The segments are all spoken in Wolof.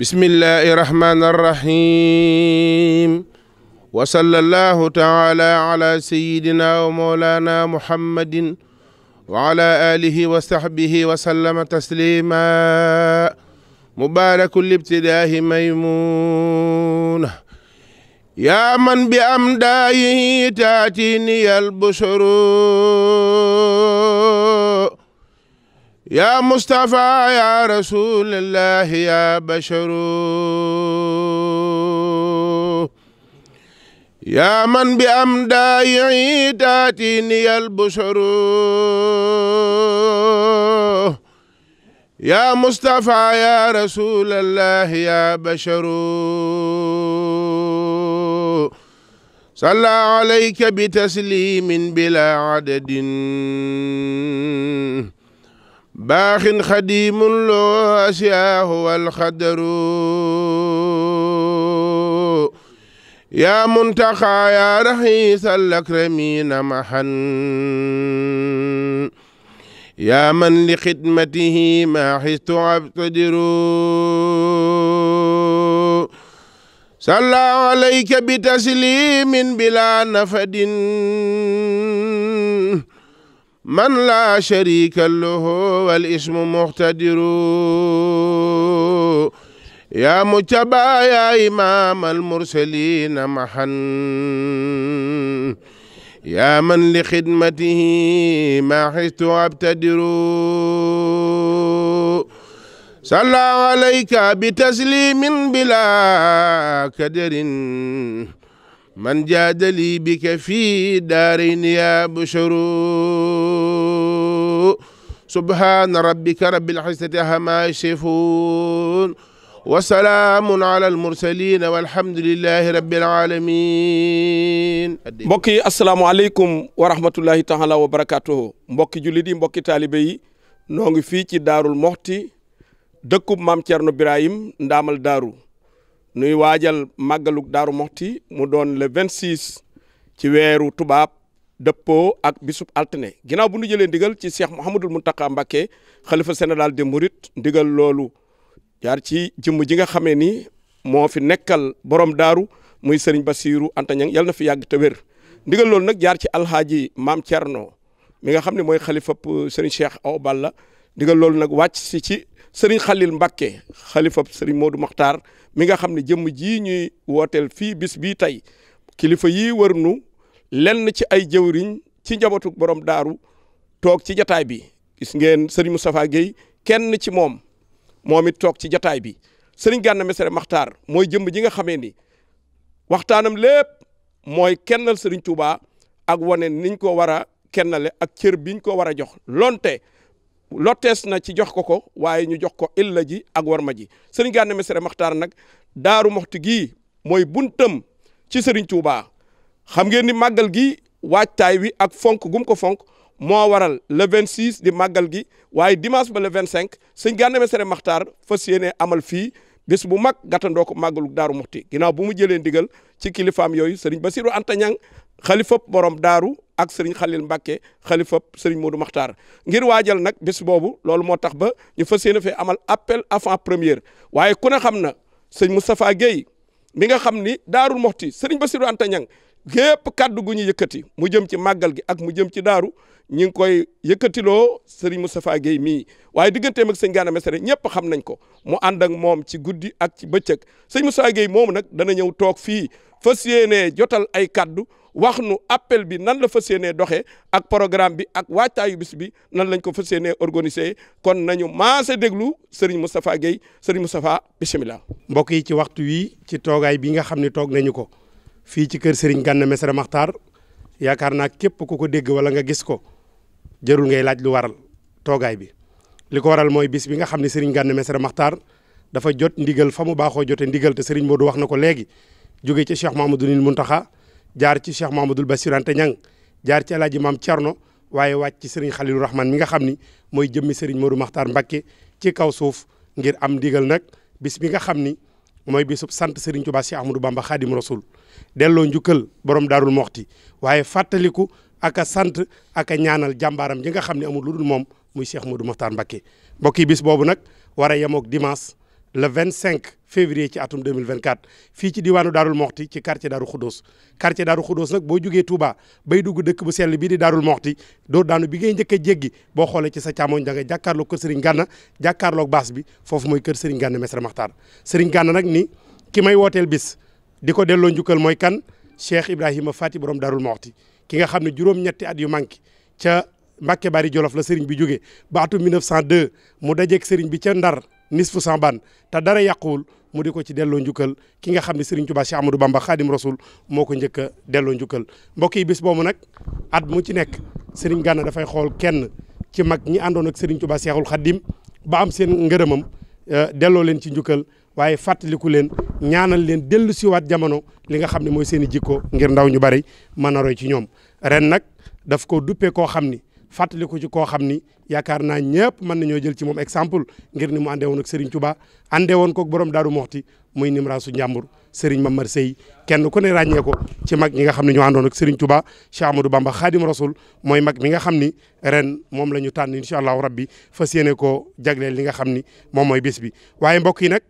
bismillahi rahmaani rahim wa sallallahu taala ala sayidina wa mawlana muhammadin wa ala alihi wa sahbihi wa sallama taslima mubaraku libtidahi maymuna ya man bi am daayi taatini al bushuru yaa Moustapha yaa rasulilah yaa Bacharu yaa man bi am daa yi taati niyal busharu yaa Moustapha yaa rasulilah yaa Bacharu salla alayka bi taslimin bila adadin baaxin xadimun loo asiyaahu walxadaru yaa muntaxa yaa raxiisal akramiina maxan yaa man li xidmatihi maa xistu abtadiru salla alayka bi taslimin bila nafadin man laa sharika lahu wal ismu muqtadiru yaa mujtaba yaa imaam al mursalina mahan yaa man li xidmatihi maa xistu abtadiru salla alayka bi taslimin bila kadarin man jaadali bika fii daarayni yaa busharu subhaana rabbika rabbil izzati ammaa yasifuun wa salaamun alal mursaliin walhamdulillaahi rabbil aalamiin. mbokk yi asalaamaaleykum wa rahmatullahi taala wa barakaatuhu mbokki jullit yi mbokki taalibe yi noo ngi fii ci daarul moxti dëkkub maam Thierno Birahim Ndaamal Daaru. nuy waajal màggalug daaru moxti mu doon le vingt six ci weeru tubaab dëppoo ak bisub altine ginnaaw bu nu jëlee ndigal ci cheikh mouhamadul muntaka Mbacké xalifa général des mourides ndigal loolu jaar ci jëmm ji nga xamee ni moo fi nekkal borom daaru muy sëriñ Bassirou Anta Niang yàlla na fi yàgg te wér ndigal loolu nag jaar ci alhaaji maam Thierno mi nga xam ne mooy xalifa euh, sëriñ cheikh aw Balla ndigal loolu nag wàcc si ci sëriñ Khalil Mbakke xalifab sëriñ Modou Makhtar mi nga xam ne jëmm jii ñuy wooteel fii bis bii tey kilifa yii warnu lenn ci ay jëwriñ ci njabootu borom daaru toog ci jataay bi gis ngeen sëriñ Moustapha kenn ci moom moom it toog ci jataay bi sëriñ Gana Messere Makhtar mooy jëmm ji nga xamee ni waxtaanam lépp mooy kennal sëriñ Touba ak wane niñ ko war a kennale ak cër biñ ko war a jox lonte. lotes na ci jox ko ko waaye ñu jox ko illa ji ak warma ji sëriñ Ganna Messere Maxtaar nag daaru moxti gii mooy buntam ci sëriñ Touba xam ngeen ni màggal gi waajtaay wi ak fonk gum ko fonk moo waral le 26 di màggal gi waaye dimanche ba le 25 sëñ Ganna Messere Maxtaar fas yéene amal fii bis bu mag gàttandoo ko màggalu daaru moxti ginnaaw bu mu jëlee ndigal ci kilifaam yooyu sëriñ Bassirou Anta Niang xalifab borom daaru ak sëriñ Xalil Mbàkke xalifab sëriñ Moodu Maxtaar ngir waajal nag bés boobu loolu moo tax ba ñu fas yéene fee amal appel avant première waaye ku ne xam na sëñ Moustapha Guèye mi nga xam ni daarul moxti sëriñ Bassirou Anta Niang gépp kàddu gu ñu yëkkati mu jëm ci màggal gi ak mu jëm ci daaru ñi ngi koy yëkkatiloo Serigne Moustapha Guèye mii waaye digganteem ak sëñ Gana Messere ñëpp xam nañ ko mu ànd ak moom ci guddi ak ci bëccëg sëñ Moustapha Guèye moomu nag dana ñëw toog fii fas yéenee jotal ay kàddu wax nu appel bi nan la fas yéenee doxe ak programme bi ak waajtaayu bis bi nan lañ ko fas yéenee organiser kon nañu maase déglu Serigne Moustapha Guèye Serigne Moustapha bisimilah. mbokk yi ci waxtu wi ci toogaay bi nga xam ne toog nañu ko fii ci kër Serigne Ganna Messere maxtar yakaar naa képp ku ko dégg wala nga gis ko jarul ngay laaj lu waral toogaay bi li ko waral mooy bis bi nga xam ne Serigne Ganna Messere Makhtar dafa jot ndigal fa mu baaxoo jotee ndigal te Serigne wax na ko léegi jóge ci Cheikh Mamadou Nil Muntaxa jaar ci Cheikh Mahamadul Basir Anta Ñang jaar ci El Hadj Maam Thierno waaye wàcc ci Serigne Khalilu Rahman mi nga xam ni mooy jëmmi Serigne Modou Makhtar Mbacké ci kaw suuf ngir am ndigal nag bis bi nga xam ni mooy bisub sant Serigne Touba Cheikh Ahmadou Bamba Khadim Rasoul delloo njukkal boroom daarul moxti waaye fàttaliku ak sant ak a ñaanal jàmbaaram ji nga xam ne amul lu dul moom muy Cheikh Modou Makhtar Mbacké mbokk yi bis boobu nag war a yemoog dimanche. le 25 février ci atum 2024 fii ci diwaanu Darou Mokhti ci quartier Darou Khoudoss quartier Darou Khoudoss nag boo jugee tuba bay dugg dëkk bu sell bii di Darou Mokhti doo daanu bi ngay njëkk a boo xoolee ci sa càmmoñ da nga jàkkaarloog kër Serigne Ganna jàkkaarloog baas bi foofu mooy kër Serigne Ganna Mesre Maxtaar Serigne Ganna nag ni ki may wooteel bis di ko delloo njukkal mooy kan Cheikh Ibrahima Fati borom Darou Mokhti ki nga xam ne juróom at yu manqué ca Mbacke Bari Jolof la Serigne bi jógee ba atum 1902 mu dajeeg Serigne bi ca Ndar nis nisfu samban te dara yàquwul mu di ko ci delloo njukkal ki nga xam ne Serigne Touba Cheikh Amadou Bamba Khadim Rasoul moo ko njëkk delloo njukkal mbokk yi bis boobu nag at mu ci nekk Serigne ganna dafay xool kenn ci mag ñi àndoon ak Serigne Touba Cheikhul Khadim ba am seen ngërëmam euh, delloo leen ci njukkal waaye fàttaliku leen ñaanal leen dellu siwaat jamono li nga xam ne mooy seen i jikko ngir ndaw ñu bari mën a roy ci ñoom ren nag daf ko duppee koo xam ni fàttali ko ci koo xam ni yaakaar naa ñëpp mën nañoo jël ci moom exemple ngir ni mu àndee woon ak Serigne Touba àndee woon ko borom Daaru Moxti muy Nimraasu Njàmbur Serigne Mamar Sey kenn ku ne ràññee ko ci mag ñi nga xam ne ñoo àndoon ak Serigne Touba Cheikh Bamba Khadim Rasoul mooy mag mi nga xam ni ren moom la ñu tànn incha allahu rabbi fas yéene koo jagleel li nga xam ni moom mooy bés bi. waaye mbokk yi nag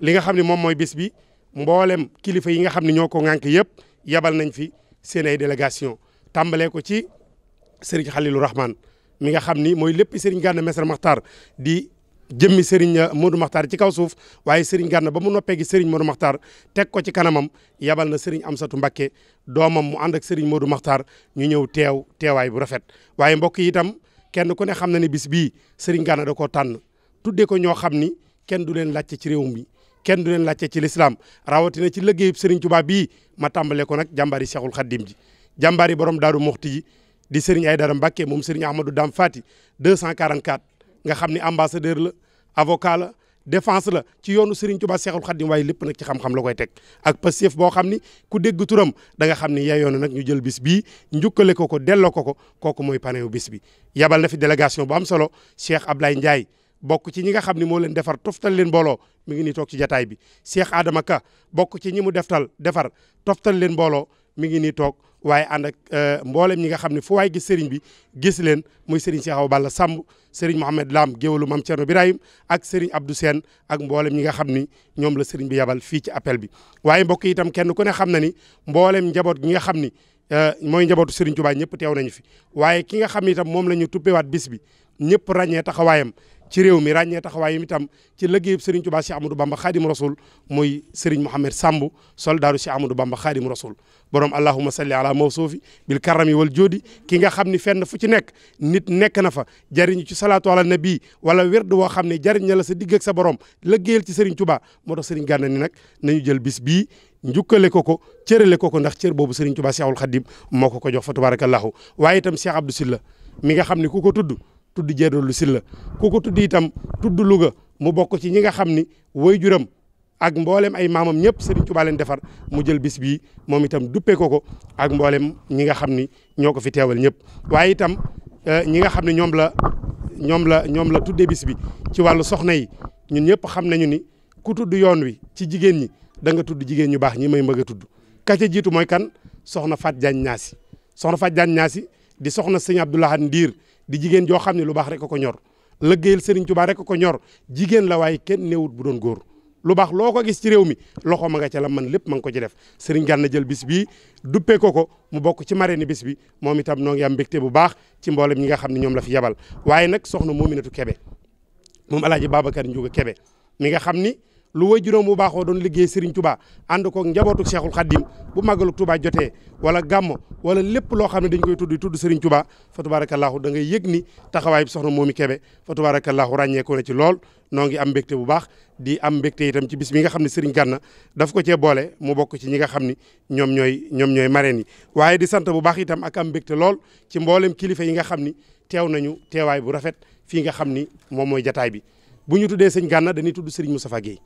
li nga xam ni moom mooy bés bi mboolem kilifa yi nga xam ni ñoo ko ŋànk yëpp yebal nañ fi seen délégation tàmbalee ko ci Serigne Khalilou Rahman mi nga xam ni mooy lépp Serigne Gana Messere Makhtar di jëmmi Serigne uh, Modou Makhtar ci kaw suuf waaye Serigne Gana ba mu noppee gi Serigne Modou Makhtar teg ko ci kanamam yabal na Serigne Amsatou Mbacké doomam mu ànd ak Serigne Modou Makhtar ñu ñëw teew teewaay bu rafet waaye mbokk yi kenn ku ne xam na ne bis bii Serigne Gana da koo tànn tuddee ko ñoo xam ni kenn du leen laajte ci réew mi kenn du leen laajte ci lislaam rawatina ci liggéeyub Serigne Touba bii ma tàmbale ko nag jàmbaari Cheikhul Khadim ji jàmbaari borom Daaru Muxti ji di Serigne Aydara Mbacke moom Serigne Ahmadou Dame Fati 244 nga xam ni ambassadeur la avocat la défense la ci yoonu Serigne Touba Seexul Xaddim waaye lépp nag ci xam-xam la koy teg ak Pastef boo xam ni ku dégg turam da nga xam ni yayoon na nag ñu jël bis bi njukkale ko ko delloo ko ko kooku mooy panewu bis bi. yabal na fi délégation bu am solo Cheikh Ablaye Ndiaye bokk ci ñi nga xam ni moo leen defar toftal leen mbooloo mu ngi nii toog ci jataay bi Cheikh Adama bokk ñi mu deftal defar toftal leen mbooloo. mi ngi nii toog waaye ànd ak euh, mboolem ñi nga xam ne fu waay gis sëriñ bi gis leen muy sëriñ Cheikh Awa Balla Samb sëriñ Mouhamed Lam mam Mame Thierno Birahim ak sëriñ Abdou seen ak mboolem ñi nga xam ni ñoom la sëriñ bi yabal fii ci appel bi waaye mbokk itam kenn ku ne xam na ni mboolem njaboot gi nga xam ni euh, mooy njabootu sëriñ Touba ñëpp teew nañu fi waaye ki nga xam ne itam moom la ñu waat bis bi ñëpp ràññee taxawaayam ci réew mi ràññee taxawaayam itam ci liggéeyub Serigne Touba Cheikh Amadou Bamba Khadim Rasoul muy Serigne Mohamed Samb soldaaru Cheikh Amadou Bamba Khadim Rasoul borom allahuma salli ala mawsuufi bil karami wal joodi ki nga xam ni fenn fu ci nekk nit nekk na fa jariñu ci salaatu ala nabi wala werd woo xam ne jariñ na la sa digg sa borom liggéeyal ci Serigne Touba moo tax Serigne Gana ni nag nañu jël bis bii njukkale ko ko cërale ko ko ndax cër boobu Serigne Touba Cheikhul Khadim moo ko ko jox fa tabarakallahu waaye itam Cheikh Abdou Silla mi nga xam ne ku ko tudd tudd lu Sylla ku ko tudd itam tudd luga mu bokk ci ñi nga xam ni juram ak mboolem ay maamam ñëpp Serigne Touba leen defar mu jël bis bii moom itam duppee ko ko ak mboolem ñi nga xam ni ñoo ko fi teewal ñëpp waaye itam eh, ñi nga xam ne ñoom la ñoom la ñoom la tuddee bis bi ci wàllu soxna yi ñun ñëpp xam nañu ni ku tudd yoon wi ci jigéen ñi da nga tudd jigéen ñu baax ñi may mbëgg a tudd ka ca jiitu mooy kan soxna Faat Jaañ Ñaasi soxna Faat Jaañ Ñaasi di soxna sëñ Abdoulahan Ndiir di jigéen joo xam ne lu baax rek ko ñor lëggéeyal Serigne Touba rek ko ñor jigéen la waaye kenn néewut bu doon góor lu baax loo ko gis ci réew mi loxo ma nga ca la man lépp ma nga ko ci def Serigne Ganna jël bis bii ko ko mu bokk ci marraine bis bi moom itam noo ngi am mbégte bu baax ci mboole mi nga xam ne ñoom la fi yabal waaye nag soxna Mominatou Kébé moom El Hadj Babacar Ndiouga Kébé mi nga xam ni lu way juróom bu baaxoo doon liggéey Serigne Touba ànd koog njabootu Cheikhul Khadim bu màggalu Touba jotee wala gàmmo wala lépp loo xam ne dañ koy tudd tudd Serigne Touba fa tabarakallahu da ngay yëg ni taxawaay bi soxna Momy Kébé fa tabarakallahu ràññeekoo na ci lool noo ngi am mbégte bu baax di am mbégte itam ci bis bi nga xam ne Serigne Gana daf ko cee boole mu bokk ci ñi nga xam ni ñoom ñooy ñoom ñooy marraine yi waaye di sant bu baax itam ak am mbégte lool ci mboolem kilifa yi nga xam ni teew nañu teewaay bu rafet fii nga xam ni moom mooy jataay bi bu ñu tuddee sëñ dañuy tudd Serigne Moustapha Guèye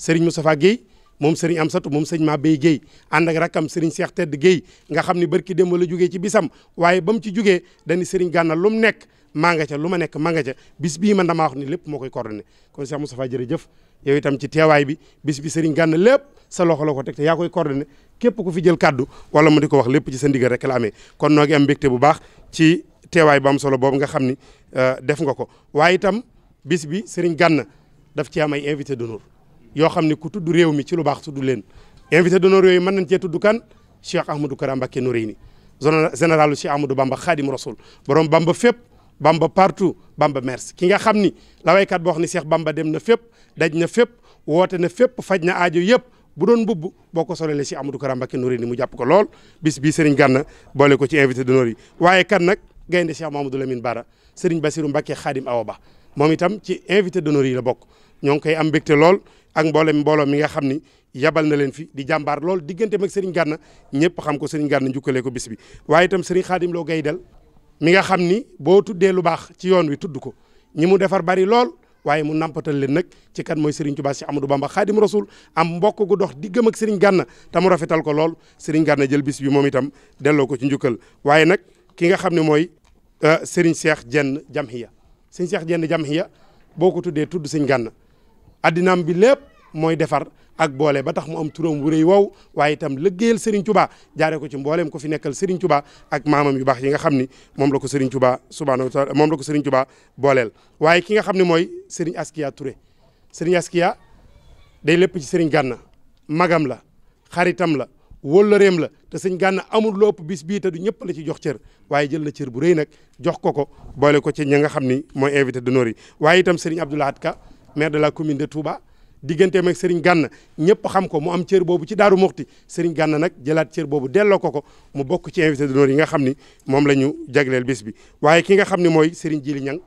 Serigne Moustapha Guèye moom Serigne Amsatou moom sëñ Mabey Guèye ànd ak rakam Serigne Cheikh Tedd géey nga xam ni barki démb la jógee ci bisam waaye ba mu ci jógee dañu Serigne Gana lu mu nekk maa nga ca lu ma nekk maa nga ca bis bii man damaa wax ni lépp moo koy coordonné kon Cheikh Moustapha jërëjëf yow itam ci teewaay bi bis bi Serigne Gana lépp sa loxo la ko teg te yaa koy coordonné képp ku fi jël kaddu wala mu di ko wax lépp ci sa ndigal rek la amee kon noo ngi am mbégte bu baax ci teewaay bu solo boobu nga xam ni euh, def nga ko waaye itam bis bi Serigne Gana daf ci am ay invité d'honneur yoo xam ne ku tudd réew mi ci lu baax tudd leen invité d'honneur yooyu mën nañ cee tudd kan Cheikh Ahmadou Kara Mbacké Noreyni généralu Cheikh Ahmadou Bamba Khadim Rasoul borom Bamba fépp Bamba partout Bamba merci ki nga xam ni la waykat boo xam ne Cheikh Bamba dem na fépp daj na fépp woote na fépp faj na aajo yëpp bu doon mbubb boo ko solee la Cheikh Ahmadou Kara Mbacké Noreyni mu jàpp ko lool bis bii Serigne Ganna boole ko ci invité d'honneur yi waaye kan nag gaynde Cheikh Mamadou Lamine Bara Serigne Bassirou Mbacké Khadim Awa Ba moom itam ci invité d'honneur yi la bokk ñoo ngi koy am mbégte lool ak mboolem mbooloo mi nga xam ni yabal na leen fi di jàmbaar lool diggante mag Serigne Gana ñëpp xam ko Serigne Gana njukkalee ko bis waaye itam Serigne Khadim Lo Gaydel mi nga xam ni boo tuddee lu baax ci yoon wi tudd ko ñi mu defar bari lool waaye mu nampatal leen nag ci kan mooy Serigne Touba si Amadou Bamba Khadim Rasoul am mbokk gu dox diggam ak sëriñ Gana te mu rafetal ko lool Serigne ganna jël bis bi moom itam delloo ko ci njukkal waaye nag ki nga xam ne mooy euh, Serigne Cheikh Jenn Jamhiya Serigne Cheikh Jenn Jamhiya boo ko tuddee tudd sëñ Gana addinaam bi lépp mooy defar ak boole ba tax mu am turam wu rëy wow waaye itam lëggéeyal Serigne Touba jaaree ko ci mbooleem ko fi nekkal Serigne Touba ak maamam yu baax yi nga xam ni moom la ko Serigne Touba subhanahu wa taala moom ko Serigne booleel. waaye ki nga xam ne mooy Serigne Askia Touré Serigne Askia day lépp ci Serigne Gànna magam la xaritam la wóllëreem la te sëñ Gànna amul lopp bis bii te du ñëpp la ci jox cër waaye jël na cër bu rëy nag jox ko ko boole ko ci ña nga xam ni mooy invité d'honneur yi waaye itam Serigne Abdoulahat Ka. mais de la commune de Touba digganteem ak sëriñ Ganna ñëpp xam ko mu am cër boobu ci Daaru Moxti Serigne Ganna nag jëlaat cër boobu delloo ko ko mu bokk ci invité d'honneur yi nga xam ni moom la ñu jagleel bis bi waaye ki nga xam ni mooy Serigne Djili Niang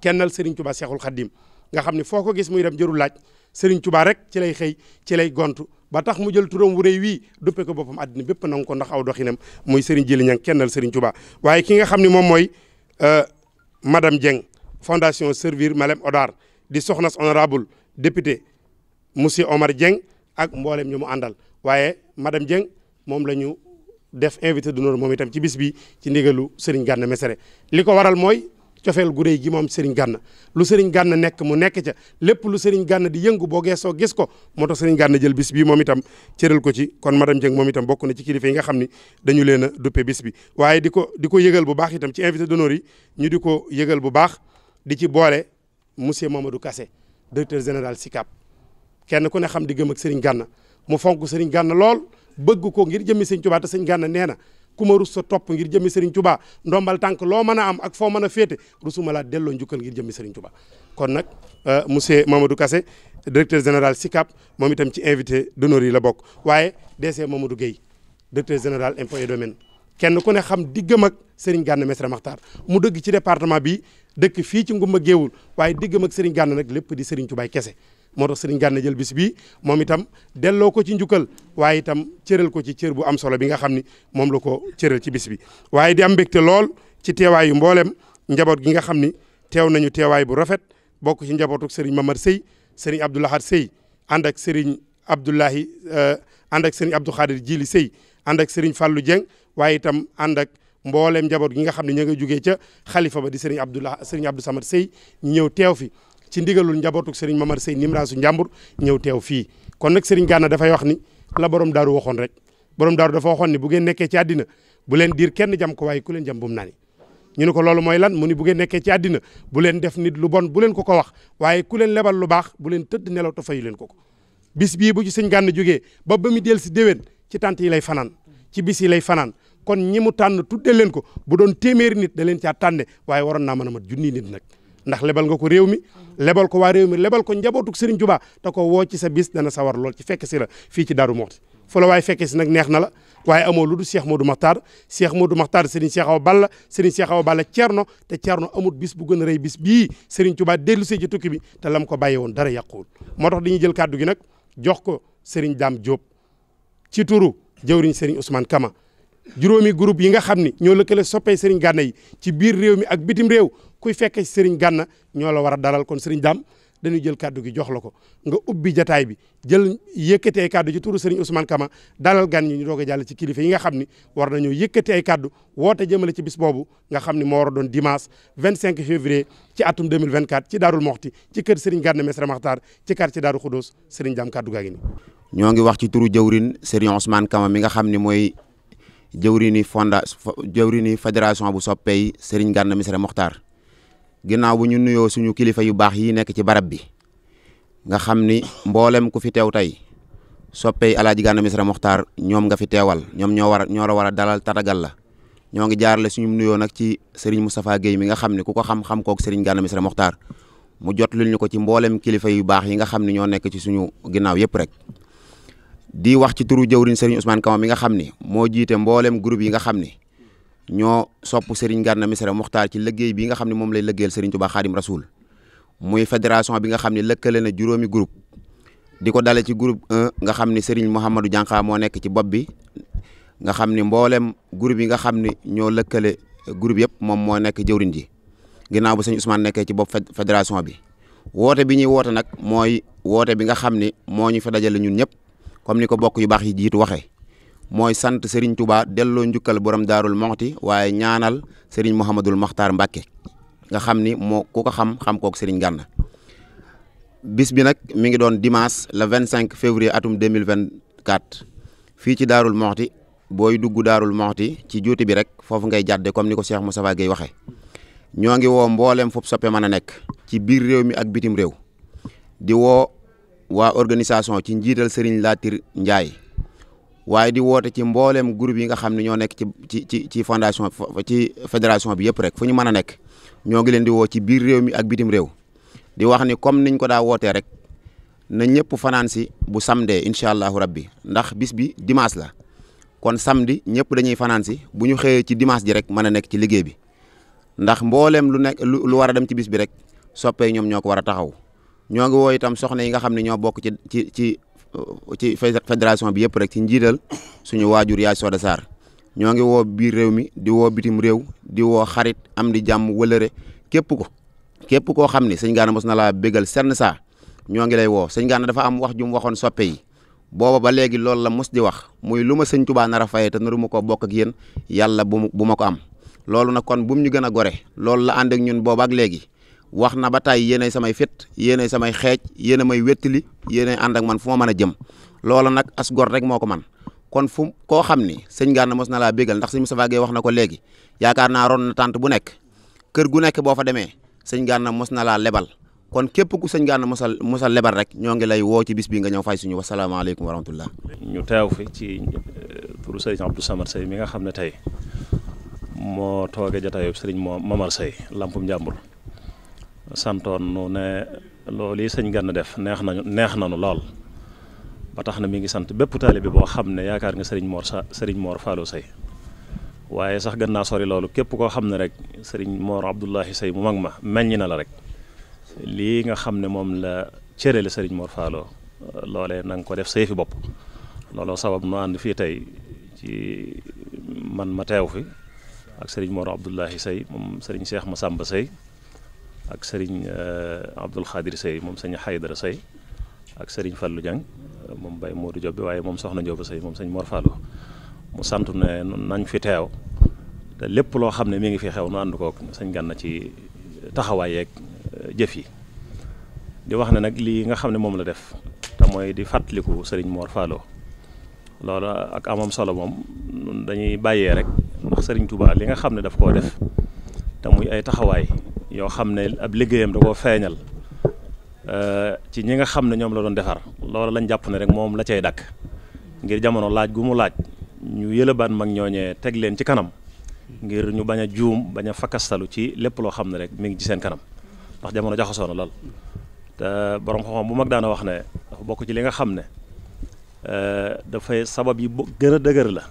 kennal Serigne Touba Cheikhul Khadim nga xam ni foo ko gis muy dem jërul laaj Serigne Touba rek ci lay xëy ci lay gontu ba tax mu jël turam wu rëy wii duppe ko boppam àddina bépp nangu ko ndax aw doxinam muy Serigne Djili Niang kennal Serigne Touba waaye ki nga xam ni moom mooy euh, madam Dieng fondation servir Malem Odar di soxnas honorable député monsieur Omar jeng ak mboolem ñu mu àndal waaye madame jeng moom la ñu def invité d'honneur moom itam ci bis bi ci ndigalu Serigne Gana Messere li ko waral mooy cofeel gu réy gi moom Serigne ganna lu Serigne Gana nekk mu nekk ca lépp lu Serigne Gana di yëngu boo geesoo gis ko moo tax Serigne Gana jël bis bi moom itam cëral ko ci kon madame Dieng moom itam bokk na ci kilifa yi nga xam ni dañu leen a duppe bis waaye di ko di ko yëgal bu baax itam ci invité d'honneur yi ñu di ko yëgal bu baax di ci boole monsieur Mamadou kase directeur général SICAP kenn ku ne xam di gëm ak Serigne Ganna mu fonk Serigne Ganna lool bëgg ko ngir jëmmi Serigne Touba te Serigne Ganna nee na ku sa topp ngir jëmmi Serigne Touba ndombal tànk loo mën a am ak foo mën a féete rusuma laa delloo njukkal ngir jëmmi Serigne Touba kon nag euh, monsieur Mamadou kase directeur général SICAP moom itam ci invité d'honneur yi la bokk waaye DC Mamadou Guèye directeur général impôts et domaines kenn ku ne xam diggam ak Serigne Ganna Messere Maxtaar mu dëgg ci département bi dëkk fii ci Ngumba Géewul waaye diggam ak Serigne Ganna nag lépp di Serigne Touba kese moo tax Serigne Ganna jël bis bii moom itam delloo ko ci njukkal waaye itam cëral ko ci cër bu am solo bi nga xam ni moom la ko cëral ci bis bi waaye di am mbégte lool ci teewaayu mboolem njaboot gi nga xam ni teew nañu teewaay bu rafet bokk ci njabootu Serigne Mamar Sey Serigne Abdoulahar Sey ànd ak Serigne Abdoulahi euh, ànd ak Serigne Abdou Khadir Jili Sey ànd ak Serigne Fallou Dieng waaye itam ànd ak mbooleem njaboot gi nga xam ne ña nga jógee ca xalifa ba di Serigne Abdoulaye Serigne Abdou Samad Sey ñëw teew fi ci ndigalul njabootuk Serigne Mamar Sey nimraasu njàmbur ñëw teew fii kon nag Serigne Gana dafay wax ni la borom daaru waxoon rek borom daaru dafa waxoon ni bu ngeen nekkee ci àddina bu leen diir kenn jam ko waaye ku leen jam bu mu nani ñu ne ko mooy lan mu ni bu ngeen nekkee ci àddina bu leen def nit lu bon bu leen ko ko wax waaye ku leen lebal lu baax bu leen tëdd nelaw te fayu leen ko ko bis bii bu ci sëñ ci bis yi lay fanaan kon ñi mu tànn tuddee leen ko bu doon téeméeri nit da leen caa tànne waaye waroon naa mën a mat junni nit nag ndax lebal nga ko réew mi lebal ko waa réew mi lebal ko njabootuk Serigne Touba te ko woo ci sa bis dana sawar lool ci fekk si la fii ci Darou Mouhty fu la waaye fekke si nag neex na la waaye amoo lu du Cheikh Modou Makhtar Cheikh Modou Makhtar Serigne Cheikh Awa Balla Serigne Cheikh Awa Balla Thierno te Thierno amut bis bu gën a rëy bis bii Serigne Touba dellu see ci tukki bi te lam ko bàyyi woon dara yàquwul moo tax dañuy jël kàddu gi nag jox ko Serigne Dame Diop ci turu jëwriñ Serigne Ousmane Kama juróomi groupe yi nga xam ni ñoo lëkkale soppe Serigne Gana yi ci biir réew mi ak bitim réew kuy fekkee Serigne ganna ñoo la war a dalal kon Serigne Dame dañuy jël kaddu gi jox la ko nga ubbi jataay bi jël yëkkati ay kàddu ci turu Serigne Ousmane Kama dalal gan ñi ñu doog a jàll ci kilifa yi nga xam ni war nañoo yëkkati ay kàddu woote jëmale ci bis boobu nga xam ni moo war a doon dimanche 25 février ci atum 2024 ci Daarul Moxti ci kër Serigne Gana Messere Maxtaar ci quartier Daaru Xudóos Serigne Dame kàddu gaa ngi ñoo ngi wax ci turu jëwrin Serigne Ousmane Kama mi nga xam ni mooy jëwrini fonda jëwrini fédération bu soppey Serigne Gana Messere Mokhtar ginnaaw bu ñu nuyoo suñu kilifa yu baax yi nekk ci barab bi nga xam ni mboolem ku fi teew tey soppey Alaaji Gana Messere ñoom nga fi teewal ñoom ñoo war a war a dalal tatagal la ñoo ngi jaarale suñu nuyoo nag ci Serigne Moustapha Guèye mi nga xam ne ku ko xam-xam kook Serigne Gana Messere Mokhtar mu jot lu ñu ko ci mboolem kilifa yu baax yi nga xam ne ñoo nekk ci suñu ginnaaw yëpp rek di wax ci turu jëwriñ Serigne Ousmane Kama mi nga xam ni moo jiite mboolem groupe yi nga xam ni ñoo sopp Serigne Ganna Messere Muxtaar ci liggéey bi nga xam ne moom lay liggéeyal Serigne Touba Xaadim Rasoul muy fédération bi nga xam ne lëkkale na juróomi di ko dale ci groupe 1 nga xam ni Serigne Mouhamadou Dianka moo nekk ci bopp bi nga xam ni mboolem groupe yi nga xam ni ñoo lëkkale groupe yëpp moom moo nekk jëwriñ ji ginnaaw bu Serigne Ousmane nekkee ci bopp fédération bi woote bi ñuy woote nag mooy woote bi nga xam ni moo ñu fa dajale ñun ñëpp comme ni ko bokk yu baax yi jiitu waxee mooy sant Serigne Touba delloo njukkal borom daarul moxti waaye ñaanal Serigne Mouhamadul Makhtar Mbacke nga xam ni moo ko xam xam kook Serigne Gana bis bi nag mi ngi doon dimanche la vingt cinq février atum deux mille vingt quatre fii ci daarul moxti booy dugg daarul moxti ci juuti bi rek foofu ngay jàdde comme ni ko Cheikh Moustapha Gueye waxee ñoo ngi woo mboolem foofu soppe mën a nekk ci biir réew mi ak bitim réew di woo waa organisation ci njiital Serigne Latir Ndiaye waaye di woote ci mbooleem groupe yi nga xam ne ñoo nekk ci ci ci ci fondation ci fédération bi yëpp rek fu ñu mën a nekk ñoo ngi leen di woo ci biir réew mi ak bitim réew di wax ni comme niñ ko daa wootee rek na ñëpp fanaan si bu samdee incha allahu rabbi ndax bis bi dimanche la kon samedi ñëpp dañuy fanaan si bu ñu xëyee ci dimance ji rek mën a nekk ci liggéey bi ndax mbooleem lu nekk lu war a dem ci bis bi rek soppee ñoom ñoo ko war a taxaw ñoo ngi woo itam soxna yi nga xam ne ñoo bokk ci ci ci ci fédération bi yëpp rek ci njiital suñu waajur yaay Soda Sarr ñoo ngi woo biir réew mi di woo bitim réew di woo xarit am di jàmm wëlëre képp ko képp koo xam ne sëñ Gana mos na laa bégal senn saa ñoo ngi lay woo sëñ Gana dafa am wax ju mu waxoon soppe yi booba ba léegi loolu la mos di wax muy lu ma sëñ Tuubaa nar a fayee te naru ma koo bokk ak yéen yàlla bu bu ma ko am loolu nag kon bu ñu gën a gore loolu la ànd ñun booba ak léegi wax na ba tàyyi yéenay samay fit yéenay samay xeej yéen a may wettili yéenay ànd ak man fu ma mën a jëm loola nag as gor rek moo ko man kon fum koo xam ni sëñ Gana mos na laa bégal ndax sëñ Moustapha Gueye wax na ko léegi yaakaar naa ron na tànt bu nekk kër gu nekk boo fa demee sëñ mos na laa lebal kon képp ku sëñ mosal mosal lebal rek ñoo ngi lay woo ci bis bi nga ñëw fay suñu wasalaamaaleykum wa rahmatullah ñu teew fi ci pour euh, sëriñ Abdou Samad Seye mi nga xam ne tey moo toogee jataayu sëriñ Momar Seye lampum njàmbur santoon nu ne loolu yi sëñ Gana def neex nañu neex nañu lool ba tax na mi ngi sant bépp taalibe boo xam ne yaakaar nga sëriñ moor sa sëriñ moor Fallou Seye waaye sax gën naa sori loolu képp koo xam ne rek sëriñ Mor Abdoulahi Seye mu mag ma meññ na la rek lii nga xam ne moom la la sëriñ Mor Fallou loolee na ko def say fi bopp looloo sabab nu ànd fii tey ci man ma teew fi ak sëriñ Mor Abdoulahi Seye moom sëriñ ma Massamba Seye ak sëriñ euh, Abdoul Khadir Sey moom sëñ Haydara Sey ak sëriñ Fallou Diang euh, moom Baye Modou Diop bi waaye moom soxna Diop Sey moom sëñ Mor Fallou mu santu ne nañ fi teew te lépp loo xam ne mi ngi fi xew nu ànd kook sëñ na ci taxawaay yeeg euh, jëf yi di wax ne nag lii nga xam ne moom la def te mooy di fàttaliku sëriñ Mor Fallou loolu ak amam solo moom dañuy bàyyee rek ndax sëriñ tubaa li nga xam ne daf koo def te muy ay taxawaay. yoo xam ne ab liggéeyam da koo feeñal eh, ci ñi nga xam ne ñoom la doon defar loolu lañ jàpp ne rek moom la cay dakk ngir jamono laaj gu mu laaj ñu yëlëbaan mag ñooñee teg leen ci kanam ngir ñu bañ a juum bañ a fakkastalu ci lépp loo xam ne rek mi ngi ci seen kanam ndax jamono jaxasoo na lool te borom xam-xam bu mag daana wax ne dafa bokk ci li nga xam ne eh, dafay sabab yi gën a dëgër la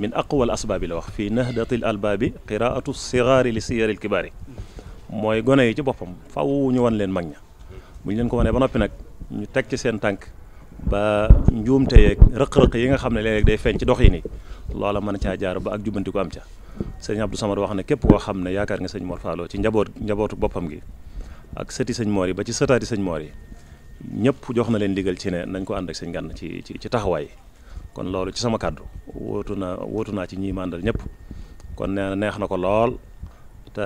min aqwal asbaabi la wax fii nahdatil albaabi qiraatu sigaari li siyaril mooy gone yi ci boppam faw ñu wan leen mag ña bu ñu leen ko wanee ba noppi nag ñu teg ci seen tànk ba njuumte yeeg rëq yi nga xam ne léeg day feeñ ci dox yi nii loola mën caa jaar ba ak jubbanti am ca sëñ Abdou Samad wax ne képp koo xam ne yaakaar nga sëñ Mor Fallou ci njaboot njabootu boppam gi ak sëti sëñ Mor yi ba ci sëtaati sëñ Mor yi ñëpp jox na leen digal ci ne nañ ko ànd ak sëñ Gana ci ci ci taxawaay kon loolu ci sama kàddu wóotu na wóotu naa ci ñi màndal ñëpp kon neex na ko lool te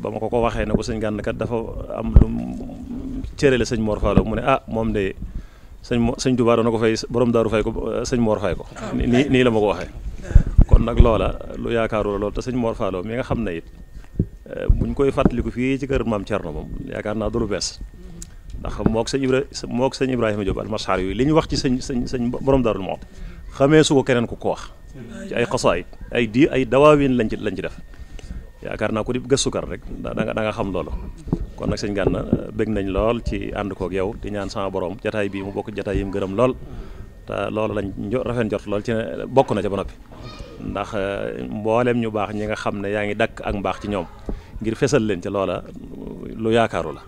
ba ma ko ko waxee na ko sëñ Gana kat dafa am lu la sëñ Mor mu ne ah moom de sëñ sëñ Touba doon na ko fay borom daaru fay ko sëñ Mor fay ko. nii nii la ma ko waxee. kon nag loola lu yaakaaru lool sëñ Mor Fallou nga xam ne it eh, buñ koy fàttaliku fii ci kër maam Thierno moom yaakaar naa du bees. ndax moo sëñ Ibra moog sëñ Ibrahima Diop almashaar yooyu li ñu wax ci sëñ sëñ sëñ borom daaru moo xamee su ko keneen ku ko wax. ci ay xasaayid ay di ay dawaawin lañ lañ ci def. yaakaar naa ku di gëstukat rek da nga da xam loolu kon nag sëñ Gana euh, bëgg nañ lool ci ànd kook yow di ñaan sama boroom jataay bii mu bokk jataay yi mu gërëm lool loolu lañ rafet njort lool ci bokk na ca ba noppi ndax euh, mboolem ñu baax ñi nga xam ne yaa ngi dakk ak mbaax ci ñoom ngir fesal leen ci loola lu yaakaaru la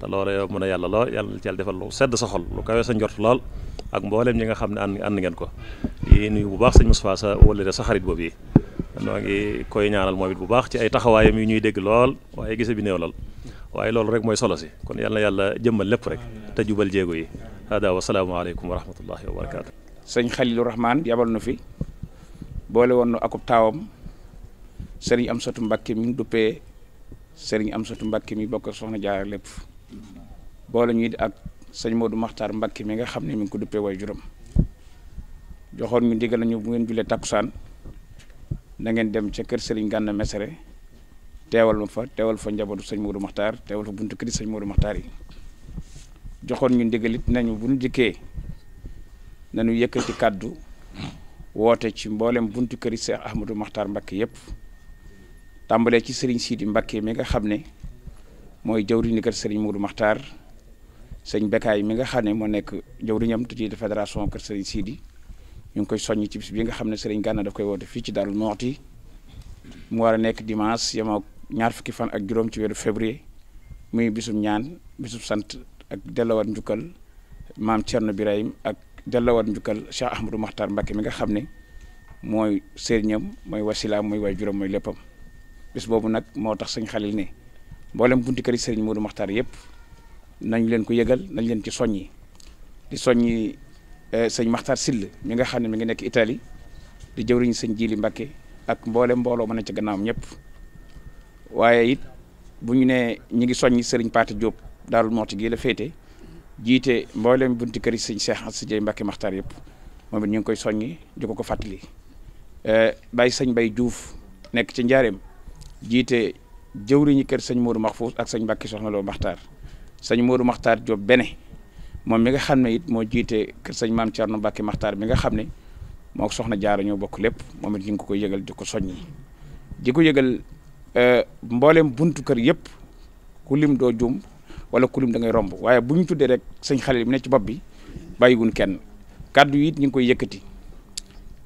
te loola yow mën a yàlla lool yàlla na ci yàlla defal lu sedd sa xol lu kawe sa njort lool ak mboolem ñi nga xam ne ànd ànd ngeen ko nuyu bu baax sëñ Moustapha sa wóllëre sa xarit boobu yi noo koy ñaanal moom it bu baax ci ay taxawaayam yu ñuy dégg lool waaye gise bi néew lool waaye loolu rek mooy solo si kon yal na yàlla jëmmal lépp rek te jubal jéego yi hada wasalaamualeykum wa rahmatullahi wa barakaatu. sëñ Xalilu Rahman yabal na fi boole woon na akub taawam sëriñ Amsatu Mbàkke mi duppee sëriñ Amsatu Mbàkke mi bokk soxna Jaara lépp boole ñuy ak sëñ moodu Maxtaar Mbàkke mi nga xam ne mi ngi ko duppee way juróom joxoon ñu digal nañu bu ngeen julee takkusaan na ngeen dem ca kër sëriñ Gana Messere teewal fa teewal fa njabootu sëñ Modou Makhtar teewal fa buntu kër sëñ Modou Makhtar yi joxoon ñu ndigalit nañu bu ñu dikkee nañu yëkkati kàddu woote ci mboolem buntu këri Cheikh Ahmadou Makhtar Mbacké yëpp tàmbalee ci Serigne Sidi Mbacké mi nga xam ne mooy jawriñu kër sëriñ Modou Makhtar sëñ Bekaay mi nga xam ne moo nekk jawriñam te ci fédération kër Serigne Sidi ñu koy soññ ci bis bi nga xam ne Serigne Gana daf koy woote fii ci Darou Mouhty mu war a nekk dimanche yemoo ñaar fukki fan ak juróom ci weeru février muy bisum ñaan bisum sant ak dellawat njukkal maam Thierno Birahim ak dellawat njukkal Cheikh Ahmadou Makhtar Mbacke mi nga xam ne mooy sëriñam mooy wasilaam mooy waay juróom mooy léppam bis boobu nag moo tax sëñ Xalil ne mboolem bunti kër yi sëriñ Modou Makhtar yëpp nañ leen ko yëgal nañ leen ci soññi di soññi. Eh, sëñ Maxtar Sill mi nga xam ne mi ngi nekk itali di jëwriñ sëñ Jili Mbakke ak mboole mbooloo mën na ca gannaawam ñëpp waaye it bu ñu ne ñi ngi soññi sëriñ Paate jóob Daarul Mooti gii la féete jiite mboolem bunti kër yi sëñ Cheikh Assa Dieye Mbakke Maxtar yëpp moom it ñu ngi koy soñ ni ko ko fàttali eh, bay sëñ Bay juuf nekk ci njaareem jiite jëwriñu kër sëñ max Mahfouz ak sëñ mbakki soxna Lo Maxtar sëñ Modou Maxtar Diop bene moom mi nga xam ne it moo jiite kër sëñ maam Thierno Mbacke Maxtaar mi nga xam ne moo soxna jaara ñoo bokk lépp moom it ñu ngi ko koy yëgal di ko soññi di ko yëgal e, mboolem buntu kër yëpp ku lim doo juum wala ku lim da ngay romb waaye bu ñu tuddee rek sëñ xale mi nekk ci bopp bi bàyyiwuñ kenn kàddu yi it ñu ngi koy yëkkati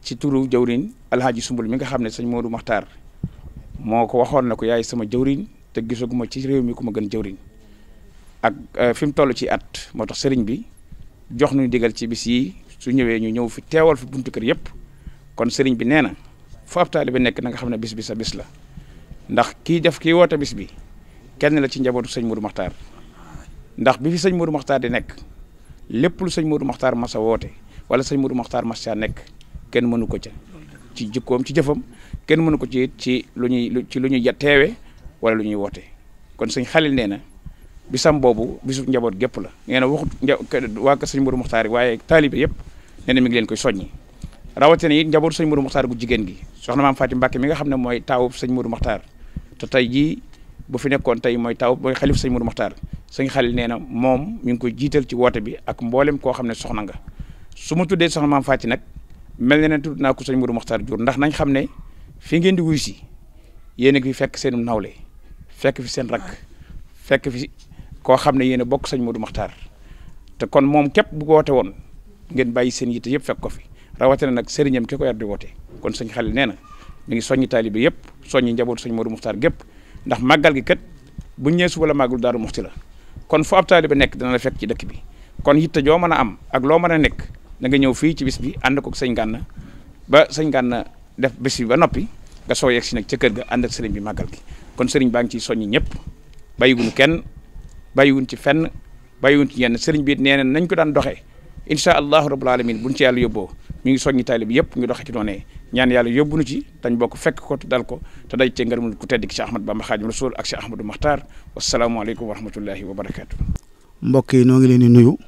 ci turu jawriñ alhaaji sumbul mi nga xam ne sëñ Modou Maxtaar moo ko waxoon na ko yaay sama jawriñ te gisaguma ci réew mi ku ma gën jawriñ ak euh, fi mu toll ci at moo tax sëriñ bi jox nu digal ci bis yi su ñëwee ñu ñëw fi teewal fi buntu kër yëpp kon sëriñ bi nee na fu ab taalibe nekk na nga xam ne bis bi sa bis la ndax kii def ki woote bis bi kenn la ci njabootu sëñ Modou Makhtar ndax bi fi sëñ Modou Makhtar di nekk lépp lu sëñ Modou Makhtar mas a woote wala sëñ Modou Makhtar mas caa nekk kenn mënu ko ca ci jikkoom ci jëfam kenn mënu ko ci ci lu ñuy ci lu ñuy teewe wala lu ñuy woote kon sëñ Xalil nee na. bisam boobu bisu njaboot gépp la nee na waxut waa kër sëñ Modou Muxtaar waaye taalibe yëpp nee na mi ngi leen koy soññi rawatina it njabootu sëñ Modou Muxtaar gu jigéen gi soxna maam Fatim Mbàkke mi nga xam ne mooy taawub sëñ Modou Muxtaar te tey jii bu fi nekkoon tey mooy taawub mooy xalif sëñ Modou Muxtaar sëñ xalil nee na moom mi ngi koy jiital ci woote bi ak mboolem koo xam ne soxna nga su ma tuddee soxna maam Fatim nag mel na ne tudd naa ko sëñ Modou Muxtaar jur ndax nañ xam ne fi ngeen di wuy si yéen a ngi fi fekk seen nawle fekk fi seen rakk koo xam ne yéen a bokk sëñ Modou Makhtar te kon moom képp bu woote woon ngeen bàyyi seen yitte yëpp fekk ko fi rawatina nag sëriñam ki ko yar di woote kon sëñ Xalil nee na mi ngi soññi taalibe yëpp soññi njaboot sëñ Modou Makhtar gépp ndax màggal gi kat bu ñëwee suba la màggul Daaru Muxti la kon fu ab taalibe nekk dana la fekk ci dëkk bi kon yitte joo mën a am ak loo mën a nekk da nga ñëw fii ci bis bi ànd ko ba sëñ def bis bi ba noppi nga soo yegg si nag ca kër ga ànd ak bi màggal gi kon sëriñ baa ngi ciy soññi ñëpp bàyyiguñu kenn bàyyiwuñ ci fenn bàyyiwuñ ci ñenn sëriñ bi it nee nañ ko daan doxee incha allahu rabbul alamin buñ ci yàlla yóbboo mi ngi soññi taalib yëpp ñu doxee ci noonee ñaan yàlla yóbbu nu ci dañ bokk fekk ko te dal ko te daj cee ngërëmul ku tedd ki Cheikh Ahmad Bamba Xaadimu Rasuul ak Cheikh Ahmadou Maxtaar wasalaamualeykum wa rahmatullahi wa barakaatu. mbokk yi noo ngi leen di nuyu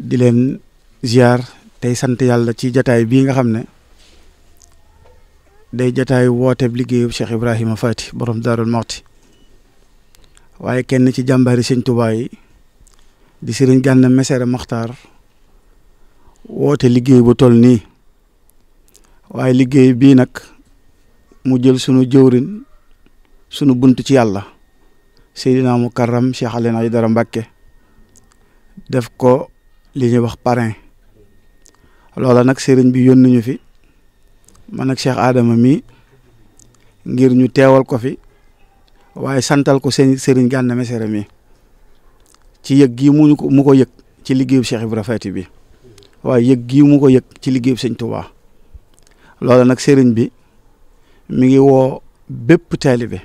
leen ziar tey sant yàlla ci jataay bii nga xam ne day jataayu wooteeb liggéeyu Cheikh Ibrahima Fati borom Daarul Moxti waaye kenn ci jàmbari sëñ Tuubaa yi di sëriñ Gana Messere Maxtaar woote liggéey bu toll nii waaye liggéey bii nag mu jël sunu jëwrin sunu bunt ci yàlla Seydina Mukarram Cheikh Alioune Aïdara Mbacke def ko li ñuy wax parrain loola nag sëriñ bi yónni ñu fi man ak Cheikh Adama mi ngir ñu teewal ko fi waaye santal ko seen Serigne Gana Messere mi ci yëg gi mu ko yëg ci liggéeyub Cheikh Ibra Faty bi waaye yëg gii mu ko yëg ci liggéeyub Sëñ Touba loolu nag Serigne bi mi ngi woo bépp bi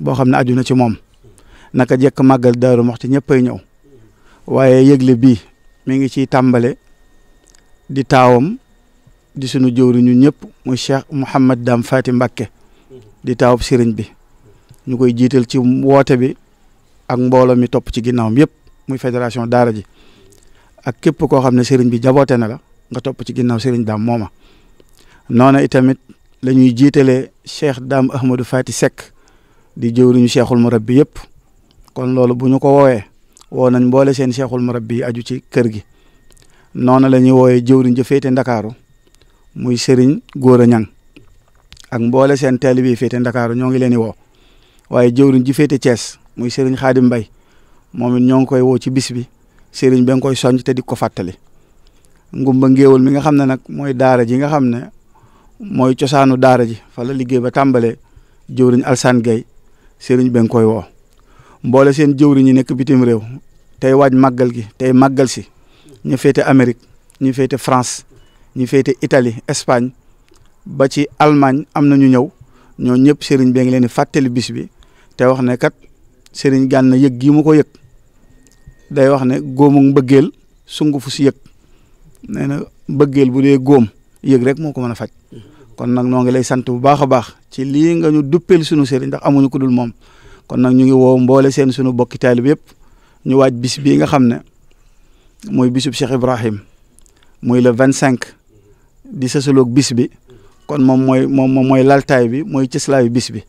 boo xam ne aju na ci moom naka jekk màggal Daaru Muxti ñëppay ñëw waaye yëgle bii mi ngi ci tàmbale di taawam di sunu jëwri ñun ñëpp muy Cheikh Mouhamad Dame Faty Mbacké di taawub Serigne bi. ñu koy jiital ci woote bi ak mbooloo mi topp ci ginnaawam yëpp muy fédération daara ji ak képp koo xam ne sëriñ bi jaboote na la nga topp ci ginnaaw sëriñ daam mooma noona itamit la ñuy jiitalee cheikh daam ahmadou fati Seck di jëwriñu cheikhul murabbi yëpp kon loolu bu ñu ko woowee woo nañ mboole seen cheikhul murabbi aju ci kër gi noona la ñuy wooyee jëwriñ ja féete ndakaaru muy sëriñ góor a ñang ak mboole seen taalibe yi féete ndakaaru ñoo ngi leen di woo waaye jëwriñ ji féete Thiès muy Serigne Khadim Mbaye moom it ñoo ngi koy woo ci bis bi Serigne ba koy soññ te di ko fàttali ngumba ngéewal mi nga xam ne nag mooy daara ji nga xam ne mooy cosaanu daara ji fala liggéey ba tàmbale jëwriñ Alsane Gueye Serigne ba koy woo mboole seen jëwriñ yi nekk bitim réew tey waaj màggal gi tey màggal si ñu féete Amérique ñu féete France ñu féete Italie Espagne ba ci Allemagne am na ñu ñëw ñoo ñëpp sëriñ bi ngi leen di fàttali bis bi te wax ne kat sëriñ Gana yëg gii mu ko yëg day wax ne góomu mbëggeel sungufu si yëg nee na mbëggeel bu dee góom yëg rek moo ko mën a faj kon nag noo ngi lay sant bu baax a baax ci lii nga ñu duppeel sunu sëriñ ndax amuñu ko dul moom kon nag ñu ngi woo mboole seen sunu bokki taalib yëpp ñu waaj bis bii nga xam ne mooy bisub Cheikh Ibrahim muy le vingt cinq di sësaloog bis bi kon moom mooy moom mooy laltaay bi mooy cëslaayu bis bi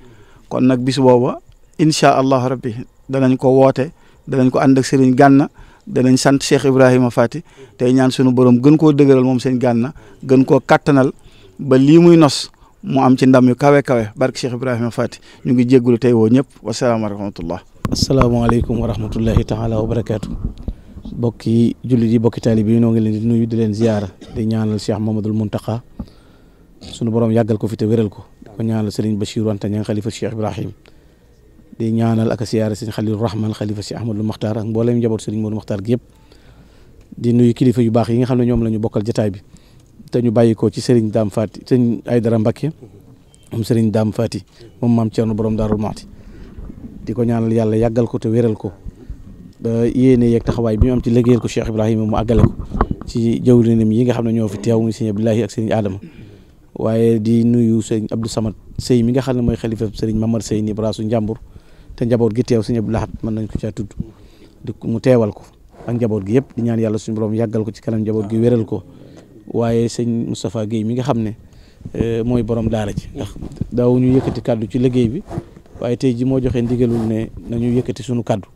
kon nag bis booba incha allahu rabbi danañ ko woote danañ ko ànd ak sëriñ gànna danañ sant Cheikh Ibrahima Fati tey ñaan sunu borom gën koo dëgëral moom seen gànna gën koo kattanal ba lii muy nos mu am ci ndam yu kawe kawe barke Cheikh Ibrahima Fati ñu ngi jéggulu tey woo ñëpp wasalaama rahmatullah asalaamaaleykum wa rahmatullahi taala wa barakaatu bokki jullit yi bokki taalib yi noo ngi leen di nuyu di leen ziyaara di ñaanal Cheikh Mamadul Muntaqa sunu borom yàggal ko fi te ko ko ñaanal Serigne Bachir wante ña nga xalifa Cheikh Ibrahim di ñaanal ak a siyaare sëñ Xalilu Rahman xalifa si Ahmadul Maxtaar ak mbooleem njaboot sëriñ Moodu Maxtaar gi yëpp di nuyu kilifa yu baax yi nga xam ne ñoom la ñu bokkal jataay bi te ñu bàyyi ko ci sëriñ Daam Faati sëñ Aydara Mbakke moom sëriñ Daam Faati moom maam borom Daarul Muxti di ko ñaanal yàlla yàggal ko te wéral ko ba yéene taxawaay bi ñu ci liggéeyal ko Cheikh Ibrahima mu àggale ko ci jawriñam yi nga xam ne ñoo fi teew muy sëñ Abdoulahi ak sëriñ Adama waaye di nuyu sëriñ Abdou Samad Sëy mi nga xam ne mooy xalifa sëriñ Mamar Sëy ni braasu Njàmbur te njaboot gi teew sëñ Abdou Lahad mën nañ ko caa tudd di mu teewal ko ak njaboot gi yëpp di ñaan yàlla suñu borom yàggal ko ci kanam njaboot gi wéral ko waaye sëñ Moustapha Guèye mi nga xam ne eh, mooy borom daara ci ndax daaw ci liggéey bi waaye tey ji moo joxe ndigalul ne nañu yëkkati suñu kàddu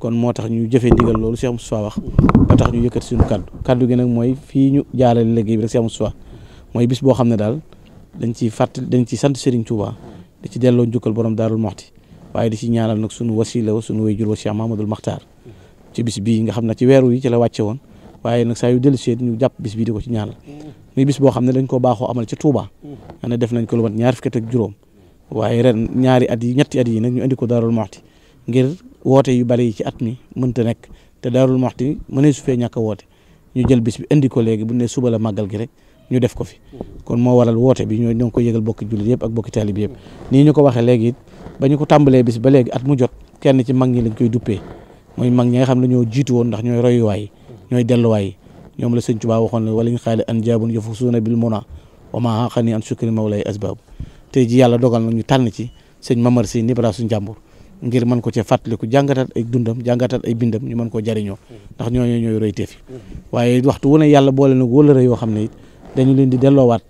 kon moo tax ñu jëfee ndigal loolu Cheikh Moustapha wax ba tax ñu yëkkati suñu kàddu kàddu gi nag mooy fii ñu jaarale liggéey bi rek Cheikh mooy bis boo xam ne daal dañ ci fàtt dañ ci sant Serigne Touba di ci delloo njukkal borom daarul moxti waaye di si ñaanal nag sunu wasila sunu wayjur wa Cheikh Mamadul Maxtaar ci bis bii nga xam ne ci weeru yi ci la wàcce woon waaye nag saa yu dellu see ñu jàpp bis bii di ko ci ñaanal muy bis boo xam ne dañ ko baaxoo amal ci Touba nga ne def nañ ko lu mat ñaar fukki yi ñetti at yi nag ñu indi ko Daarul Moxti ngir yi ci at mi mënta mënee su fee woote ñu jël bis bi indi ko léegi bu ne suba la màggal gi rek ñu def ko fi kon moo waral woote bi ñoo ñoo ko yëgal bokki jullit yëpp ak bokki taalib yëpp nii ba ñu ko tàmbalee bis ba léegi at mu jot kenn ci mag ñi lañ koy duppee mooy mag ñi nga xam ne ñoo jiitu woon ndax ñooy royuwaay ñooy delluwaay ñoom la sëñ Tuubaa waxoon wa maa xaqani an sukri mawlay asbab tey ji yàlla na ñu tànn ci sëñ Mamar Si Nibra su njàmbur ngir mën ko ci fàttaliku jàngatat ay dundam jàngatat ay bindam ñu mën koo jariñoo ndax ñooñu ñooy royteef yi waaye waxtu wu ne yàlla boole na wóllëre yoo xam ne it dañu leen di delloowaat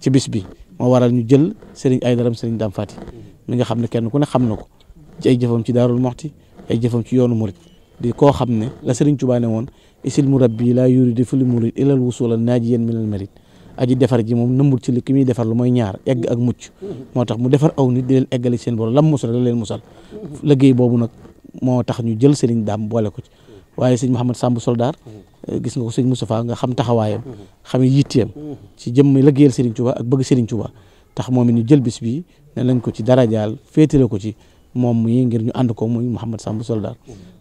ci bis bi moo waral ñu jël sëriñ ay daram sëriñ Dame Fati mi nga xam ne kenn ku ne xam na ko ay jëfam ci daarul moxti ay jëfam ci yoonu murit di koo xam ne la Sëriñ Tuubaa ne woon isil mu rabbi laa yuridu fi li murid ilal wusula naaji yéen minal mérit aji defar ji moom nëmbul ci li ki muy defar lu mooy ñaar egg ak mucc moo tax mu defar aw nit di leen eggali seen borom lam musal la leen musal liggéey boobu nag moo tax ñu jël Sëriñ Daam boole ko ci waaye sëñ Mouhamed Samb Soldar gis nga ko sëñ Moustapha nga xam taxawaayam xam yitteem ci jëmm liggéeyal Sëriñ Tuubaa ak bëgg Sëriñ Tuubaa tax moom it ñu jël bis bi ne nañ ko ci darajaal féetale ko ci moom muy ngir ñu ànd ko muy Mouhamed Samb soldat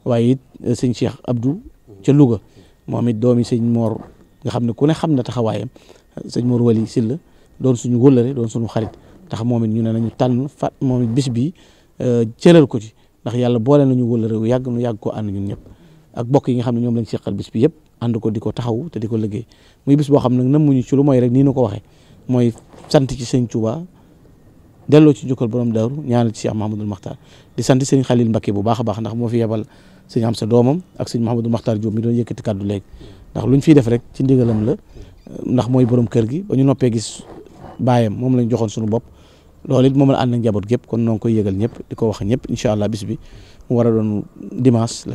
waaye it eh, sëñ Cheikh Abdou ca Louga moom it doomi sëñ moor nga xam ne ku ne xam na taxawaayam sëñ Mor Wali Silla doon suñu wëllëre doon suñu xarit tax moom it ñu ne nañu tànn fa moom it bis bi eh, cëral ko ci ndax yàlla boole nañu wëllëre wu yàgg nu yàgg ko ànd ñun ñëpp ak bokk yi nga xam ne ñoom lañ seqal bis bi yëpp ànd ko di ko taxaw te di ko liggéey muy bis boo xam ne nag namuñu ci lu mooy rek nii nu ko waxee mooy sant ci sëñ Touba delloo ci njukkal borom daaru ñaanal ci Cheikh Mahamadul Maxtaar di sant sëñ Xalil Mbakke bu baax a baax ndax moo fi yebal sëñ am sa doomam ak sëñ Mahamadul Maxtaar Diop mi doon yëkkati kàddu léegi ndax la ndax mooy borom kër gi ba ñu noppee gis baayam moom lañ joxoon suñu bopp loolu it moom la ànd ak njaboot gépp kon noo koy yëgal ñëpp di ko wax ñëpp incha allah bis bi mu war a doon dimanche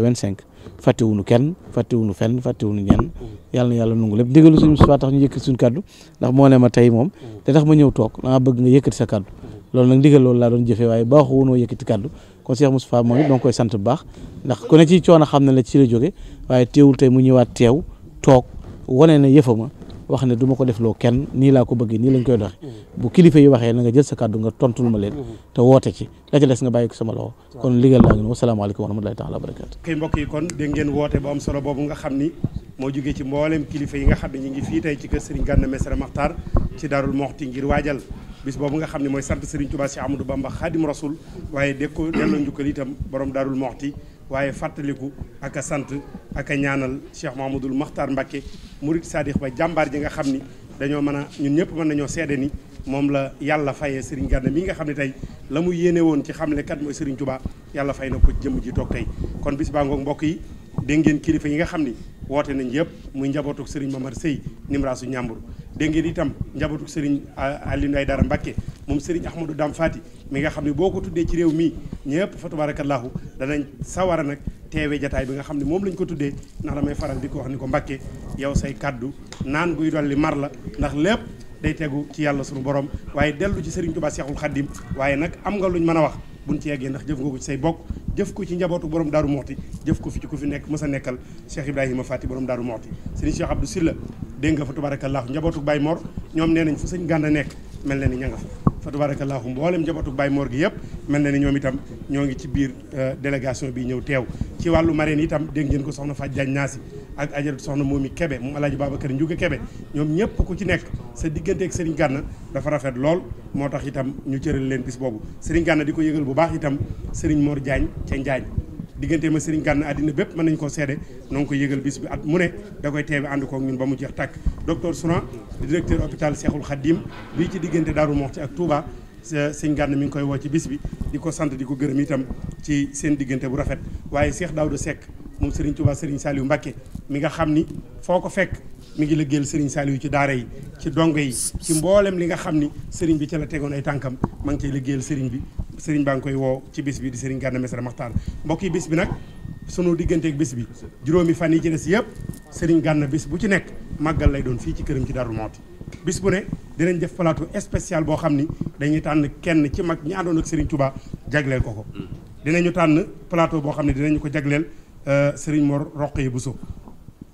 kenn fàttewuñu fenn fàttewuñu ñenn yàlla na yàlla nungu lépp digalu suñu subaa tax ñu yëkkati suñu kàddu ndax moo ne ma tey moom da tax ma ñëw toog dangaa bëgg nga yëkkati sa kàddu loolu nag ndigal loolu laa doon jëfee waaye baaxu woonoo yëkkati kàddu kon Cheikh Moustapha moom it doo koy sant bu baax ndax ku ne ci coono xam ne la ci la jóge waaye teewul tey mu ñëwaat teew toog wane na ma wax ne du ma ko loo kenn nii laa ko bëggee nii lañ koy doxe mm-hmm. bu kilifa yi waxee na nga jël sa kàddu nga tontul ma leen mm-hmm. te woote ci la ca des nga bàyyi ko sama loxo kon liggéey laa ngi ne wasalaamaaleykum wa rahmatulahi taala wa kon dégg ngeen woote bu am solo boobu xam ni moo jógee ci mboolem kilifa yi nga xam ne ñu ngi fii tey ci kër Serigne Ganna Messere Makhtar ci Darou Mouhty ngir waajal bis boobu nga xam ne mooy sant Serigne Touba si Amadou Bamba Khadim Rasoul waaye dég ko delloo njukkal itam borom Darou Mouhty waaye fàttaliku ak a sant ak a ñaanal Cheikh Mahmoudul Makhtar Mbacké murid sadix ba jàmbaar ji nga xam ni dañoo mën a ñun ñëpp mën nañoo seede ni moom la yàlla fayee Serigne Gana mi nga xam ne tey la mu yéene woon ci xamle kat mooy Serigne Touba yàlla fay na ko jëm ji toog tey kon bis ngoog mbokk yi dégg ngeen kilifa yi nga xam ni woote nañ yëpp muy njabootuk Serigne Mamar Sey Nimraasu Ñàmbur dégg ngeen itam njabootuk Serigne Aliou Dara Mbacké moom Serigne Ahmadou Dame Fati mi nga xam ne boo ko tuddee ci réew mii ñëpp fa tabarakallahu danañ sawara a nag teewee jataay bi nga xam ne moom lañ ko tuddee ndax may faral di ko wax ni ko Mbàkke yow say kàddu naan guy dolli mar la ndax lépp day tegu ci yàlla sunu borom waaye dellu ci Serigne Touba Seexul Xaddim waaye nag am nga luñ mën a wax buñ ci yeggee ndax jëf nga ko ci say bokk jëf ko ci njabootu borom daaru moxti jëf ko fi ci ku fi nekk mës a nekkal Cheikh Ibrahima Fati borom daaru moxti Serigne Cheikh Abdou Silla dégg nga fa tabarakallahu njabootu Baye Mor ñoom nee nañ fu sëñ Gànda nekk mel na ni ña nga fa tabaarakallaahu mboolem njabootu Baye Mor gi yëpp mel na ni ñoom itam ñoo ngi ci biir euh, délégation bi ñëw teew ci wàllu marraine itam dégg ngeen ko soxna Fatou Diagne Naasi ak ajaratu soxna Momi Kebe moom alaaji Babacar Ndiouga Kebe ñoom ñëpp ku ci nekk sa diggante ak Serigne Gànna dafa rafet lool moo tax itam ñu cëral leen bis boobu Serigne Gànna di ko yëgal bu baax itam Serigne Mor Diagne ca Njaañ diggante ma Serigne Gana àddina bépp mën nañ koo seede noo ngi koy yëgal bis bi at mu ne da koy teewe ànd kook ñun ba mu jeex tàkk docteur Souran directeur hôpital Cheikhoul Khadim bii ci diggante Darou moo ak Touba sëñ mi ngi koy woo ci bis bi di ko sant di ko gërëm itam ci seen diggante bu rafet waaye Cheikh Daouda Seck moom Serigne Touba Serigne Saliou Mbacké mi nga xam ni foo ko fekk mi ngi liggéeyal Serigne Saliou ci daara yi ci dongo yi ci mboolem li nga xam ni Serigne bi ci la tegoon ay tànkam ma ngi cay liggéeyal Serigne bi sëriñ baa ngi koy woo ci bis bi di sëriñ Gana Messere Maxtaar mbokk yi bis bi nag sunu digganteeg bis bi juróomi fan yi ci des yëpp sëriñ Gana bis bu ci nekk màggal lay doon fii ci këram ci Darou Mouhty bis bu ne dinañ def plateau spécial boo xam ni dañuy tànn kenn ci mag ñi àndoon ak sëriñ Touba jagleel ko ko ñu tànn palaato boo xam ne dinañu ko jagleel euh, sëriñ Mor Roqe Bousso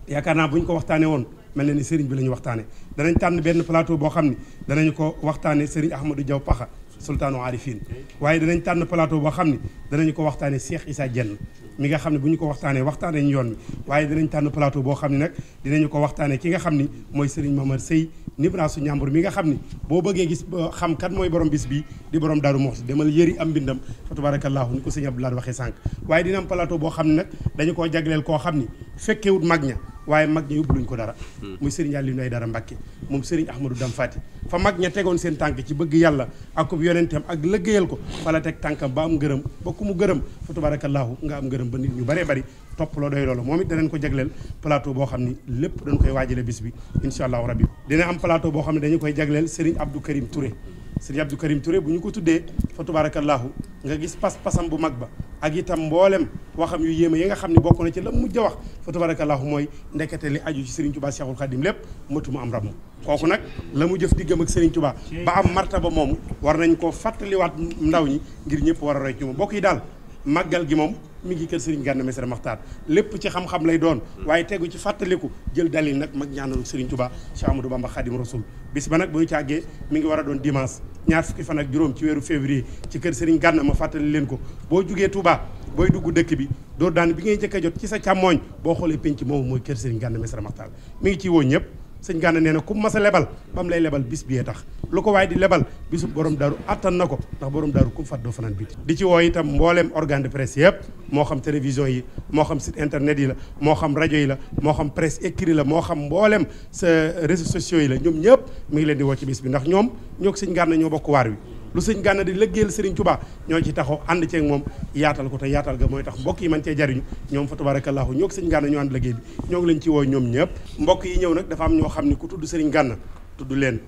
yaakaar naa bu ñu ko waxtaanee woon mel na ni sëriñ bi la ñu waxtaanee danañ tànn benn plateau boo xam ne danañu ko waxtaanee sëriñ Ahmadou Diaw Paxa sultaanu aarifin waaye danañ tànn palaato boo xam ne danañ ko waxtaane Cheikh Issa jenn mi nga xam ne bu ñu ko waxtaanee waxtaanee yoon mi waaye dinañ tànn palaato boo xam ne nag ko waxtaanee ki nga xam ni mooy Serigne Mamar Sey Nibrasu Ñambur mi nga xam ni boo bëggee gis xam kat mooy borom bis bi di borom Daaru Muxti demal yëri am mbindam fa tabaarakallaahu ni ko sëñ Abdoulaye waxee sànq waaye dina am plateau boo xam ne dañu koo jagleel koo xam ni fekkewut mag ña waaye mag ña yóbbuluñ ko dara hmm. muy sëriñ Aliou Ndeye Dara Mbacke moom sëriñ Ahmadou Dam Fati fa mag ña tegoon seen tànk ci bëgg yàlla ak ko yonentam ak lëggéeyal ko fa la teg tànkam ba am ngërëm ba ku mu gërëm fa tabarakallahu nga am ngërëm ba nit ñu baree bari topp loo doy loolu moom it danañ ko jagleel plateau boo xam ni lépp dañ koy waajale bis bi insha allahu rabbi dina am plateau boo xam ne dañu koy jagleel sëriñ Abdou Karim Touré sëriñ Abdou Karim Touré bu ñu ko tuddee fa tabarakallahu nga gis pas-pasam bu mag ba ak itam mboolem waxam yu yéeme yi nga xam ne bokk na ci la mujj a wax a tabarakallahu mooy ndekete li aju ci Serigne Touba Cheikhul Khadim lépp mëtuma am ramu kooku nag la mu jëf diggam ak Serigne Touba ba am ba moom war nañ koo fàttaliwaat ndaw ñi ngir ñëpp war a roy ci moom yi daal màggal gi moom mi ngi kër Serigne Ganna Messere Maxtaar lépp ci xam-xam lay doon mm. waaye tegu ci fàttaliku jël dalil nag mag ñaanal Serigne Touba Cheikh Amadou Bamba Khadim Rasoul bis ba nag booy ñu càggee mi ngi war a doon dimanche ñaar fukki fan ak juróom ci weeru février ci kër Serigne Ganna ma fàttali leen ko boo jugee tubaa booy dugg dëkk bi doo daan bi ngay njëkk a jot ci sa càmmooñ boo xoolee penc moomu mooy kër Serigne Ganna Messere Maxtaar mi ngi ciy woo ñëpp sëñ Gana nee na ku mas a lebal ba lay lebal bis biyee tax lu ko waaye di lebal bisu borom daaru attan na ko ndax borom daaru ku mu fat doo fanaan biti di ci woo itam mbooleem organ de presse yëpp moo xam télévision yi moo xam site internet yi la moo xam rajo yi la moo xam presse écrit la moo xam mbooleem sa réseaux sociaux yi la ñoom ñëpp mi ngi leen di woo ci bis bi ndax ñoom ñoo ko sëñ Gana ñoo bokk waar wi lu sëñ gànna di lëggeel sëriñ Tuubaa ñoo ci taxaw ànd ko te mooy tax mbokk yi man cee jariñu ñoom fa tabaarakallaahu ñoo ko sëñ gànna ñoo ànd liggéey bi ñoo ngi leen ci wooy ñoom ñëpp mbokk yi ñëw nag dafa am ñoo xam ne ku tudd sëriñ gànna tudd leen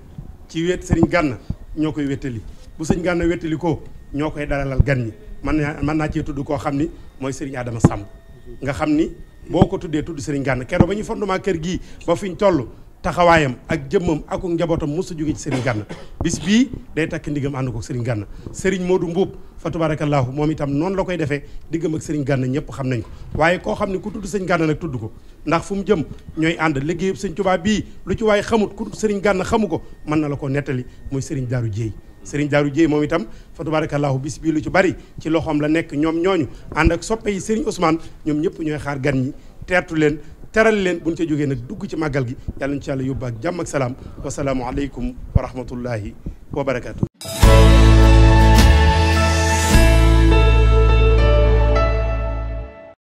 ci wet sëriñ gànna ñoo koy wettali bu sëñ gànna wettali ko ñoo koy dalalal gan ñi man naa mën naa cee tudd koo xam ni mooy sëriñ Adama Samb nga xam ni boo ko tuddee tudd sëriñ gànn keroog ba ñu fondement kër gii ba fi ñu toll taxawaayam ak jëmmam ak njabootam mos a jóge ci Serigne Ganna bis bii day takk ndigam ànd ko Serigne Ganna Serigne Modou Mbuub fa tabarakallahu moom itam noonu la koy defee diggam ak sëriñ Ganna ñëpp xam nañ ko waaye koo xam ne ku tudd Serigne Ganna nag tudd ko ndax fu mu jëm ñooy ànd liggéeyub Serigne Touba bii lu ci waaye xamut ku sëriñ gànna xamu ko mën na la ko nettali muy Serigne Daaru Jéey Serigne Daaru Jéey moom itam fa tabarakallahu bis bii lu ci bari ci loxoom la nekk ñoom ñooñu ànd ak soppe yi Serigne ñoom ñëpp ñooy xaar gan ñi leen teral leen bu ñu ca jógee nag dugg ci màggal gi yàlla ñu ci yàlla yóbbu ak jàmm ak salaam wasalaamu aleykum wa rahmatullahi wa barakaatu.